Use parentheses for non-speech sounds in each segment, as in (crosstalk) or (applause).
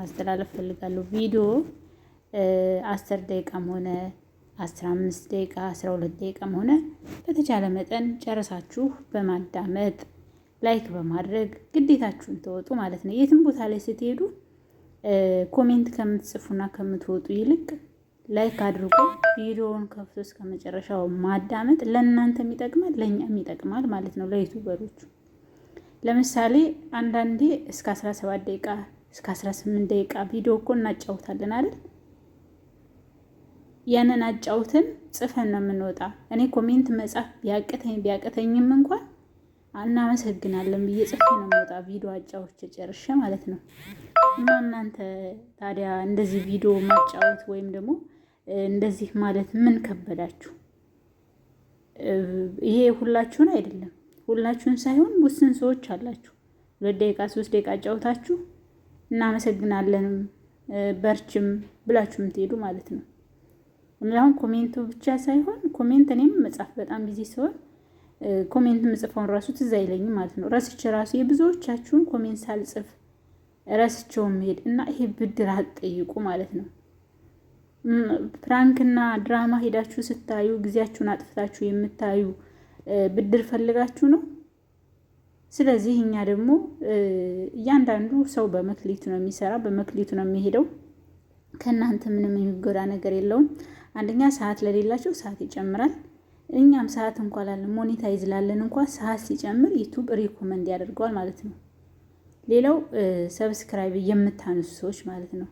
ማስተላለፍ ፈልጋለሁ። ቪዲዮ አስር ደቂቃም ሆነ አስራ አምስት ደቂቃ አስራ ሁለት ደቂቃም ሆነ በተቻለ መጠን ጨርሳችሁ በማዳመጥ ላይክ በማድረግ ግዴታችሁን ተወጡ ማለት ነው። የትም ቦታ ላይ ስትሄዱ ኮሜንት ከምትጽፉና ከምትወጡ ይልቅ ላይክ አድርጎ ቪዲዮውን ከፍቶ እስከ መጨረሻው ማዳመጥ ለእናንተም ይጠቅማል፣ ለእኛም ይጠቅማል ማለት ነው። ለዩቱበሮቹ ለምሳሌ አንዳንዴ እስከ አስራ ሰባት ደቂቃ እስከ 18 ደቂቃ ቪዲዮ እኮ እናጫውታለን አይደል? ያንን አጫውትን ጽፈን ነው የምንወጣ። እኔ ኮሜንት መጻፍ ቢያቅተኝ ቢያቅተኝም እንኳን እናመሰግናለን ብዬ ጽፌ ነው የምወጣ ቪዲዮ አጫዎች ጨርሼ ማለት ነው። እና እናንተ ታዲያ እንደዚህ ቪዲዮ ማጫወት ወይም ደግሞ እንደዚህ ማለት ምን ከበዳችሁ? ይሄ ሁላችሁን አይደለም፣ ሁላችሁን ሳይሆን ውስን ሰዎች አላችሁ። ሁለት ደቂቃ ሶስት ደቂቃ አጫውታችሁ እናመሰግናለንም በርችም ብላችሁ የምትሄዱ ማለት ነው። አሁን ኮሜንቱ ብቻ ሳይሆን ኮሜንት እኔም መጻፍ በጣም ቢዚ ሲሆን ኮሜንት ምጽፈውን ራሱ ትዝ አይለኝም ማለት ነው። ረስቼ ራሱ የብዙዎቻችሁን ኮሜንት ሳልጽፍ ረስቼው መሄድ እና ይሄ ብድር አትጠይቁ ማለት ነው። ፕራንክና ድራማ ሄዳችሁ ስታዩ ጊዜያችሁን አጥፍታችሁ የምታዩ ብድር ፈልጋችሁ ነው ስለዚህ እኛ ደግሞ እያንዳንዱ ሰው በመክሊቱ ነው የሚሰራ፣ በመክሊቱ ነው የሚሄደው። ከእናንተ ምንም የሚጎዳ ነገር የለውም። አንደኛ ሰዓት ለሌላቸው ሰዓት ይጨምራል። እኛም ሰዓት እንኳ ላለን ሞኔታይዝ ላለን እንኳ ሰዓት ሲጨምር ዩቱብ ሪኮመንድ ያደርገዋል ማለት ነው። ሌላው ሰብስክራይብ የምታነሱ ሰዎች ማለት ነው።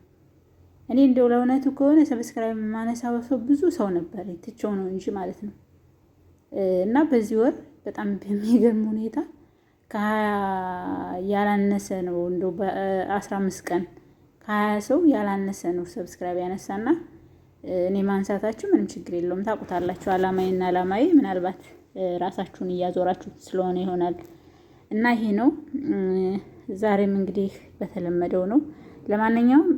እኔ እንደው ለእውነቱ ከሆነ ሰብስክራይብ የማነሳው ሰው ብዙ ሰው ነበር ትቼው ነው እንጂ ማለት ነው። እና በዚህ ወር በጣም በሚገርም ሁኔታ ያላነሰ ነው እንደው በአስራ አምስት ቀን ከሀያ ሰው ያላነሰ ነው ሰብስክራይብ ያነሳና እኔ ማንሳታችሁ ምንም ችግር የለውም። ታውቁታላችሁ አላማዬና አላማዬ ምናልባት ራሳችሁን እያዞራችሁ ስለሆነ ይሆናል እና ይሄ ነው። ዛሬም እንግዲህ በተለመደው ነው። ለማንኛውም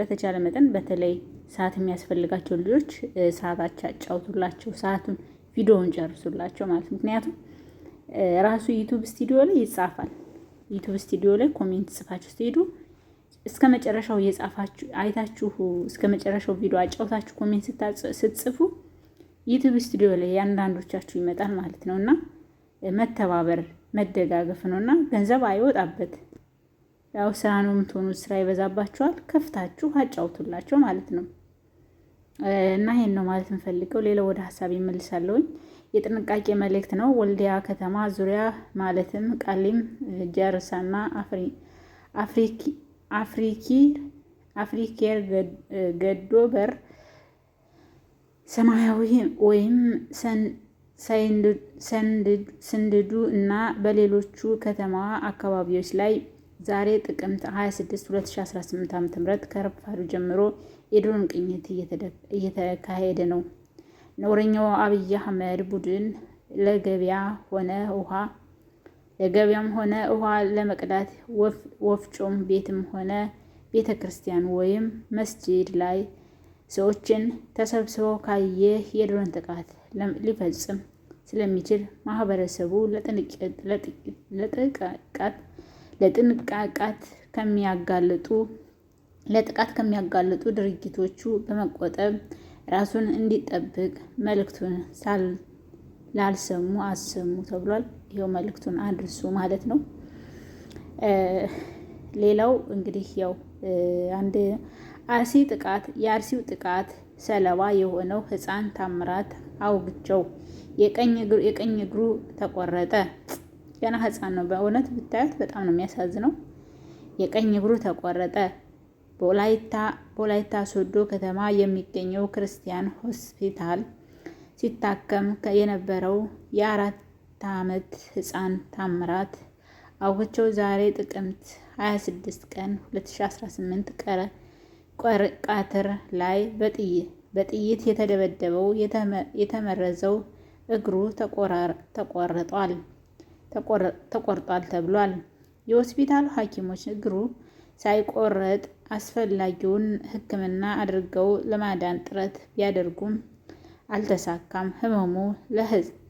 በተቻለ መጠን በተለይ ሰዓት የሚያስፈልጋቸው ልጆች ሰዓታቸው አጫውቱላቸው፣ ሰዓቱን ቪዲዮውን ጨርሱላቸው ማለት ምክንያቱም ራሱ ዩቱብ ስቱዲዮ ላይ ይጻፋል። ዩቱብ ስቱዲዮ ላይ ኮሜንት ጽፋችሁ ስትሄዱ እስከ መጨረሻው የጻፋችሁ አይታችሁ እስከ መጨረሻው ቪዲዮ አጫውታችሁ ኮሜንት ስትጽፉ ዩቱብ ስቱዲዮ ላይ ያንዳንዶቻችሁ ይመጣል ማለት ነው። እና መተባበር መደጋገፍ ነው እና ገንዘብ አይወጣበት ያው ስራ ነው የምትሆኑት። ስራ ይበዛባችኋል፣ ከፍታችሁ አጫውቱላቸው ማለት ነው። እና ይሄን ነው ማለት እንፈልገው። ሌላው ወደ ሀሳብ ይመልሳለሁኝ። የጥንቃቄ መልእክት ነው። ወልዲያ ከተማ ዙሪያ ማለትም ቃሊም፣ ጃርሳና አፍሪኬር ገዶ በር ሰማያዊ ወይም ስንድዱ እና በሌሎቹ ከተማዋ አካባቢዎች ላይ ዛሬ ጥቅምት 26 2018 ዓ.ም ከረፋዱ ጀምሮ የድሮን ቅኝት እየተካሄደ ነው። ነውረኛው አብይ አህመድ ቡድን ለገበያ ሆነ ውሃ ለገበያም ሆነ ውሃ ለመቅዳት ወፍጮም ቤትም ሆነ ቤተ ክርስቲያን ወይም መስጂድ ላይ ሰዎችን ተሰብስበው ካየ የድሮን ጥቃት ሊፈጽም ስለሚችል ማህበረሰቡ ለጥንቃቃት ከሚያጋልጡ ለጥቃት ከሚያጋልጡ ድርጊቶቹ በመቆጠብ ራሱን እንዲጠብቅ መልእክቱን ላልሰሙ አሰሙ ተብሏል። ይኸው መልእክቱን አድርሱ ማለት ነው። ሌላው እንግዲህ ያው አንድ አርሲ ጥቃት የአርሲው ጥቃት ሰለባ የሆነው ህፃን ታምራት አውግቸው የቀኝ እግሩ ተቆረጠ። ገና ህፃን ነው። በእውነት ብታያት በጣም ነው የሚያሳዝነው። የቀኝ እግሩ ተቆረጠ። በወላይታ ሶዶ ከተማ የሚገኘው ክርስቲያን ሆስፒታል ሲታከም የነበረው የአራት ዓመት ህፃን ታምራት አውቸው ዛሬ ጥቅምት 26 ቀን 2018 ቀትር ላይ በጥይት የተደበደበው የተመረዘው እግሩ ተቆርጧል ተብሏል። የሆስፒታሉ ሐኪሞች እግሩ ሳይቆረጥ አስፈላጊውን ሕክምና አድርገው ለማዳን ጥረት ቢያደርጉም አልተሳካም። ህመሙ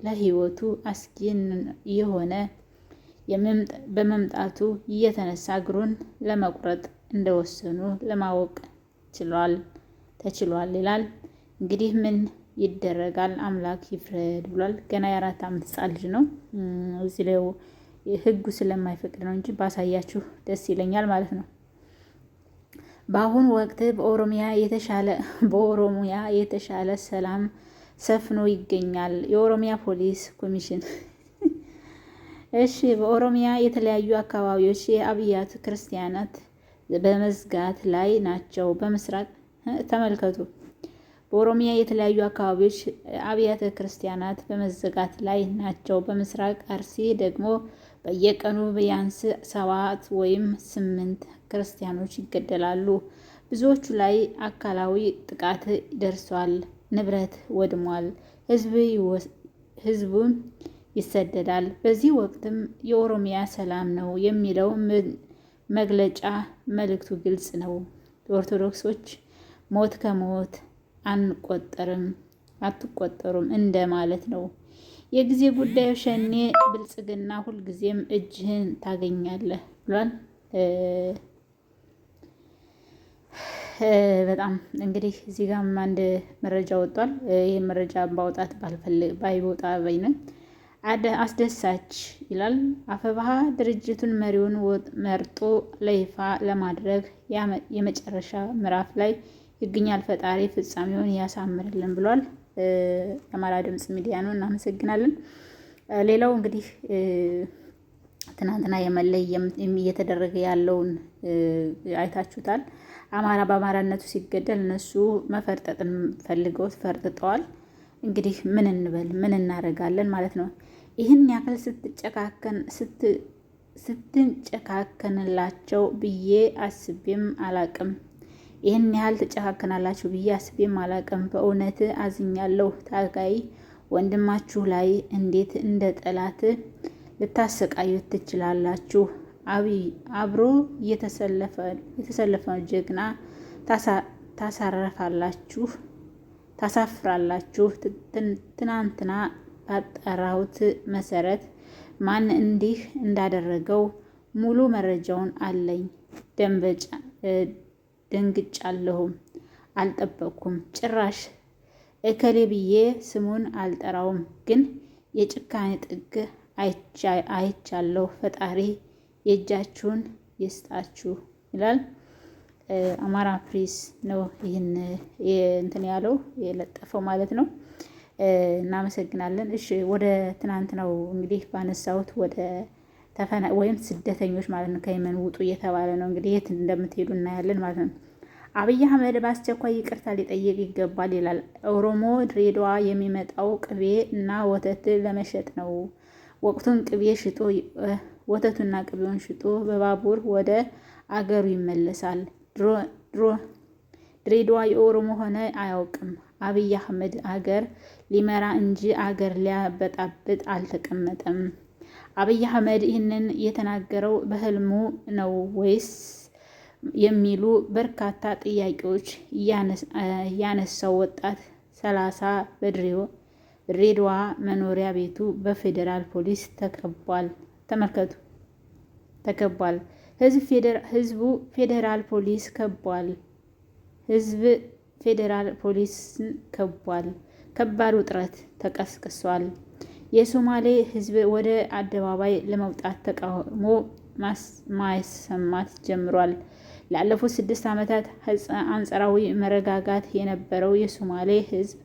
ለህይወቱ አስጊ የሆነ በመምጣቱ እየተነሳ እግሩን ለመቁረጥ እንደወሰኑ ለማወቅ ተችሏል ይላል። እንግዲህ ምን ይደረጋል አምላክ ይፍረድ ብሏል። ገና የአራት ዓመት ህፃን ልጅ ነው። እዚህ ላይ ህጉ ስለማይፈቅድ ነው እንጂ ባሳያችሁ ደስ ይለኛል ማለት ነው። በአሁኑ ወቅት በኦሮሚያ የተሻለ (laughs) በኦሮሚያ የተሻለ ሰላም ሰፍኖ ይገኛል። የኦሮሚያ ፖሊስ ኮሚሽን (laughs) እሺ፣ በኦሮሚያ የተለያዩ አካባቢዎች የአብያተ ክርስቲያናት በመዝጋት ላይ ናቸው። በምስራቅ ተመልከቱ። በኦሮሚያ የተለያዩ አካባቢዎች አብያተ ክርስቲያናት በመዘጋት ላይ ናቸው። በምስራቅ አርሲ ደግሞ በየቀኑ ቢያንስ ሰባት ወይም ስምንት ክርስቲያኖች ይገደላሉ። ብዙዎቹ ላይ አካላዊ ጥቃት ደርሷል፣ ንብረት ወድሟል፣ ህዝቡ ይሰደዳል። በዚህ ወቅትም የኦሮሚያ ሰላም ነው የሚለው መግለጫ መልእክቱ ግልጽ ነው። ኦርቶዶክሶች ሞት ከሞት አንቆጠርም አትቆጠሩም እንደ ማለት ነው። የጊዜ ጉዳዩ ሸኔ ብልጽግና ሁልጊዜም እጅህን ታገኛለህ ብሏል። በጣም እንግዲህ እዚህ ጋም አንድ መረጃ ወጥቷል። ይህ መረጃ ባውጣት ባልፈልግ ባይወጣ በይነን አስደሳች ይላል። አፈባሀ ድርጅቱን መሪውን መርጦ ለይፋ ለማድረግ የመጨረሻ ምዕራፍ ላይ ይገኛል። ፈጣሪ ፍጻሜውን ያሳምርልን ብሏል። የአማራ ድምፅ ሚዲያ ነው። እናመሰግናለን። ሌላው እንግዲህ ትናንትና የመለይ እየተደረገ ያለውን አይታችሁታል። አማራ በአማራነቱ ሲገደል እነሱ መፈርጠጥን ፈልገው ፈርጥጠዋል። እንግዲህ ምን እንበል ምን እናደርጋለን ማለት ነው። ይህን ያክል ስትጨካከን ስትንጨካከንላቸው ብዬ አስቤም አላቅም። ይህን ያህል ትጨካከናላችሁ ብዬ አስቤም አላቅም። በእውነት አዝኛለሁ። ታጋይ ወንድማችሁ ላይ እንዴት እንደ ጠላት ልታሰቃዩት ትችላላችሁ? አብሮ የተሰለፈው ጀግና ታሳረፋላችሁ፣ ታሳፍራላችሁ። ትናንትና ባጠራሁት መሰረት ማን እንዲህ እንዳደረገው ሙሉ መረጃውን አለኝ። ደንግጫለሁም አልጠበቅኩም። ጭራሽ እከሌ ብዬ ስሙን አልጠራውም፣ ግን የጭካኔ ጥግ አይቻለሁ። ፈጣሪ የእጃችሁን ይስጣችሁ ይላል። አማራ ፕሪስ ነው ይህን እንትን ያለው የለጠፈው ማለት ነው። እናመሰግናለን። እሺ ወደ ትናንት ነው እንግዲህ ባነሳሁት ወደ ተፈና ወይም ስደተኞች ማለት ነው ከየመን ውጡ እየተባለ ነው እንግዲህ የት እንደምትሄዱ እናያለን ማለት ነው። አብይ አህመድ በአስቸኳይ ይቅርታ ሊጠየቅ ይገባል ይላል። ኦሮሞ ድሬዳዋ የሚመጣው ቅቤ እና ወተት ለመሸጥ ነው። ወቅቱን ቅቤ ሽጦ ወተቱና ቅቤውን ሽጦ በባቡር ወደ አገሩ ይመለሳል። ድሬዳዋ የኦሮሞ ሆነ አያውቅም። አብይ አህመድ አገር ሊመራ እንጂ አገር ሊያበጣብጥ አልተቀመጠም። አብይ አህመድ ይህንን የተናገረው በህልሙ ነው ወይስ የሚሉ በርካታ ጥያቄዎች ያነሳው ወጣት ሰላሳ በድሬዳዋ መኖሪያ ቤቱ በፌዴራል ፖሊስ ተከቧል። ተመልከቱ፣ ተከቧል። ህዝቡ ፌዴራል ፖሊስ ከቧል። ህዝብ ፌዴራል ፖሊስን ከቧል። ከባድ ውጥረት ተቀስቅሷል። የሶማሌ ህዝብ ወደ አደባባይ ለመውጣት ተቃውሞ ማሰማት ጀምሯል። ላለፉት ስድስት ዓመታት አንጸራዊ መረጋጋት የነበረው የሶማሌ ህዝብ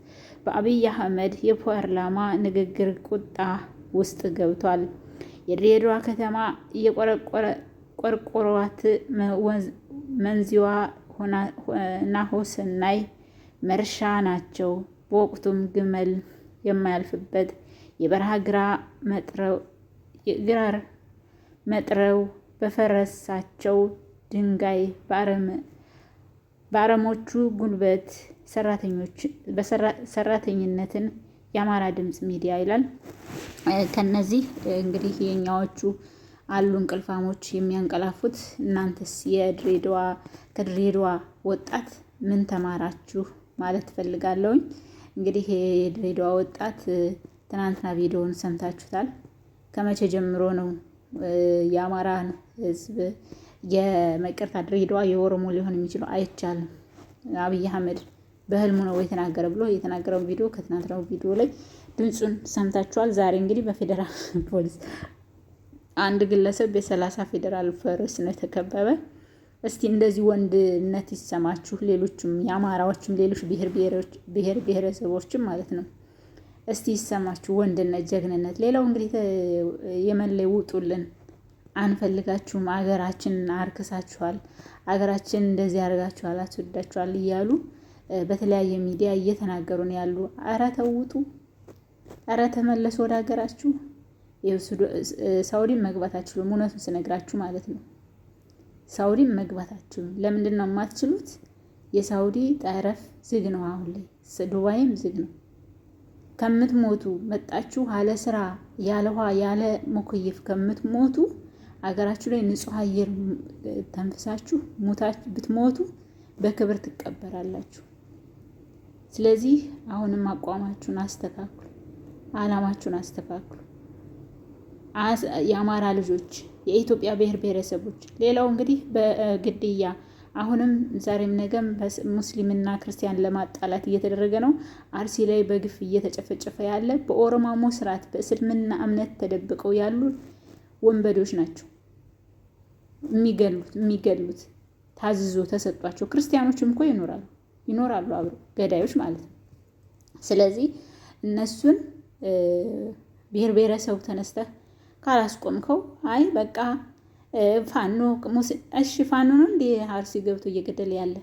በአብይ አህመድ የፓርላማ ንግግር ቁጣ ውስጥ ገብቷል። የድሬዳዋ ከተማ የቆረቆሯት መንዚዋ ናሆሰናይ መርሻ ናቸው። በወቅቱም ግመል የማያልፍበት የበረሃ ግራ መጥረው የግራር መጥረው በፈረሳቸው ድንጋይ በአረሞቹ ጉልበት ሰራተኝነትን የአማራ ድምፅ ሚዲያ ይላል። ከነዚህ እንግዲህ የኛዎቹ አሉ እንቅልፋሞች የሚያንቀላፉት። እናንተስ የድሬዳዋ ከድሬዳዋ ወጣት ምን ተማራችሁ ማለት ፈልጋለሁኝ። እንግዲህ የድሬዳዋ ወጣት ትናንትና ቪዲዮውን ሰምታችሁታል። ከመቼ ጀምሮ ነው የአማራ ህዝብ የመቀርታ ድሬዳዋ የኦሮሞ ሊሆን የሚችለው አይቻልም። አብይ አህመድ በህልሙ ነው የተናገረ ብሎ የተናገረው ቪዲዮ ከትናንትናው ቪዲዮ ላይ ድምፁን ሰምታችኋል። ዛሬ እንግዲህ በፌዴራል (laughs) ፖሊስ አንድ ግለሰብ የሰላሳ ፌዴራል ፈረስ የተከበበ እስቲ እንደዚህ ወንድነት ይሰማችሁ። ሌሎችም የአማራዎችም ሌሎች ብሔር ብሔረሰቦችም ማለት ነው እስቲ ይሰማችሁ ወንድነት፣ ጀግንነት። ሌላው እንግዲህ የመን ላይ ውጡልን፣ አንፈልጋችሁም፣ አገራችን አርክሳችኋል፣ አገራችን እንደዚህ ያደርጋችኋል፣ አስወዳችኋል እያሉ በተለያየ ሚዲያ እየተናገሩ ነው ያሉ። አረ ተውጡ፣ አረ ተመለሱ ወደ ሀገራችሁ። ሳውዲን መግባት አችሉም፣ እውነቱን ስነግራችሁ ማለት ነው። ሳውዲን መግባት አችሉም። ለምንድን ነው የማትችሉት? የሳውዲ ጠረፍ ዝግ ነው አሁን ላይ፣ ዱባይም ዝግ ነው። ከምትሞቱ መጣችሁ ያለ ስራ ያለ ውሃ ያለ መኮየፍ ከምትሞቱ አገራችሁ ላይ ንጹህ አየር ተንፍሳችሁ ሞታችሁ ብትሞቱ በክብር ትቀበራላችሁ። ስለዚህ አሁንም አቋማችሁን አስተካክሉ፣ አላማችሁን አስተካክሉ። የአማራ ልጆች፣ የኢትዮጵያ ብሔር ብሔረሰቦች ሌላው እንግዲህ በግድያ አሁንም ዛሬም ነገም ሙስሊምና ክርስቲያን ለማጣላት እየተደረገ ነው። አርሲ ላይ በግፍ እየተጨፈጨፈ ያለ በኦሮማሞ ስርዓት በእስልምና እምነት ተደብቀው ያሉ ወንበዶች ናቸው የሚገሉት የሚገሉት ታዝዞ ተሰጧቸው። ክርስቲያኖችም እኮ ይኖራሉ ይኖራሉ አብሮ ገዳዮች ማለት ነው። ስለዚህ እነሱን ብሔር ብሔረሰቡ ተነስተህ ካላስቆምከው አይ በቃ ፋኖ እሺ፣ ፋኖ ነው እንዴ አርሲ ገብቶ እየገደለ ያለ?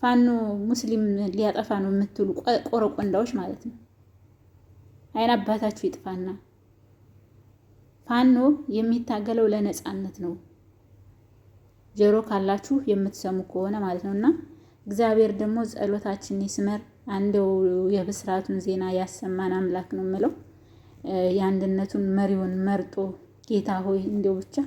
ፋኖ ሙስሊም ሊያጠፋ ነው የምትሉ ቆረቆንዳዎች ማለት ነው። አይን አባታችሁ ይጥፋና ፋኖ የሚታገለው ለነፃነት ነው። ጆሮ ካላችሁ የምትሰሙ ከሆነ ማለት ነው። እና እግዚአብሔር ደግሞ ጸሎታችን ይስመር። አንደው የብስራቱን ዜና ያሰማን አምላክ ነው የምለው። የአንድነቱን መሪውን መርጦ ጌታ ሆይ እንደው ብቻ